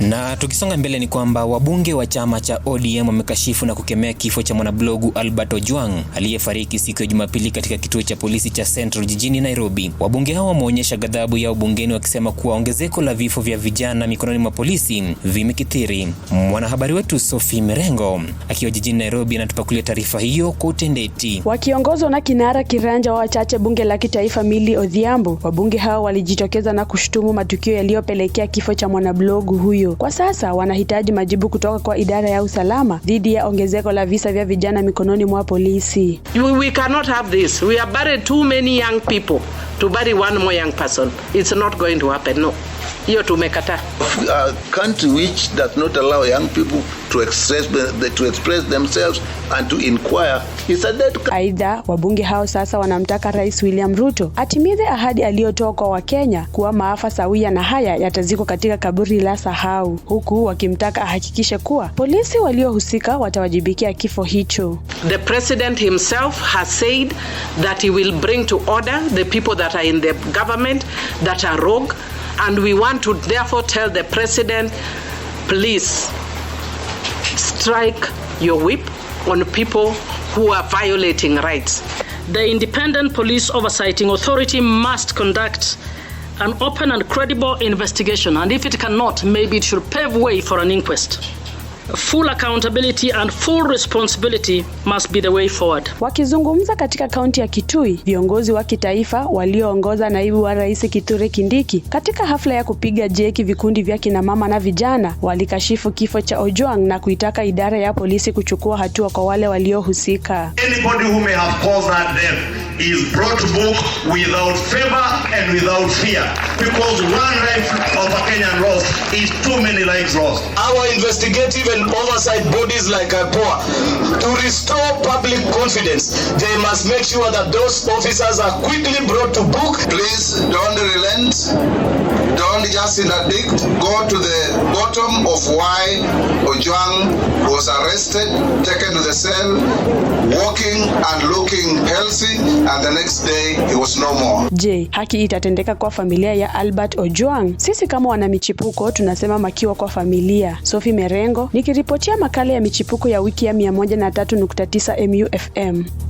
Na tukisonga mbele ni kwamba wabunge wa chama cha ODM wamekashifu na kukemea kifo cha mwanablogu Albert Ojwang aliyefariki siku ya Jumapili katika kituo cha polisi cha Central jijini Nairobi. Wabunge hao wameonyesha ghadhabu yao bungeni wakisema kuwa ongezeko la vifo vya vijana mikononi mwa polisi vimekithiri. Mwanahabari wetu Sophie Mirengo akiwa jijini Nairobi anatupakulia taarifa hiyo kwa utendeti. Wakiongozwa na kinara kiranja wa wachache bunge la kitaifa mili Odhiambo, wabunge hao walijitokeza na kushutumu matukio yaliyopelekea kifo cha mwanablogu huyo hiyo. Kwa sasa wanahitaji majibu kutoka kwa idara ya usalama dhidi ya ongezeko la visa vya vijana mikononi mwa polisi. We cannot have this. We buried too many young people to bury one more young person. It's not going to happen, no hiyo tumekataa. country which does not allow young people to express, the, to express themselves and to inquire is a dead country. Aidha, wabunge hao sasa wanamtaka Rais William Ruto atimize ahadi aliyotoa kwa Wakenya kuwa maafa sawia na haya yatazikwa katika kaburi la sahau, huku wakimtaka ahakikishe kuwa polisi waliohusika watawajibikia kifo hicho. The president himself has said that he will bring to order the people that are in the government that are rogue And we want to therefore tell the president please strike your whip on people who are violating rights. The Independent Police Oversighting Authority must conduct an open and credible investigation, and if it cannot, maybe it should pave way for an inquest. Full accountability and full responsibility must be the way forward. Wakizungumza katika kaunti ya Kitui, viongozi wa kitaifa walioongoza naibu wa rais Kithure Kindiki katika hafla ya kupiga jeki vikundi vya kina mama na vijana walikashifu kifo cha Ojwang na kuitaka idara ya polisi kuchukua hatua kwa wale waliohusika. is too many lives lost. Our investigative and oversight bodies like IPOA, to restore public confidence, they must make sure that those officers are quickly brought to book. Please don't relent. indulge us in go to the bottom of why Ojuang was arrested, taken to the cell, walking and looking healthy, and the next day he was no more. Je, haki itatendeka kwa familia ya Albert ojuang Sisi kama wana michipuko tunasema makiwa kwa familia. Sophie Merengo nikiripotia makala ya michipuko ya wiki ya 103.9 MUFM.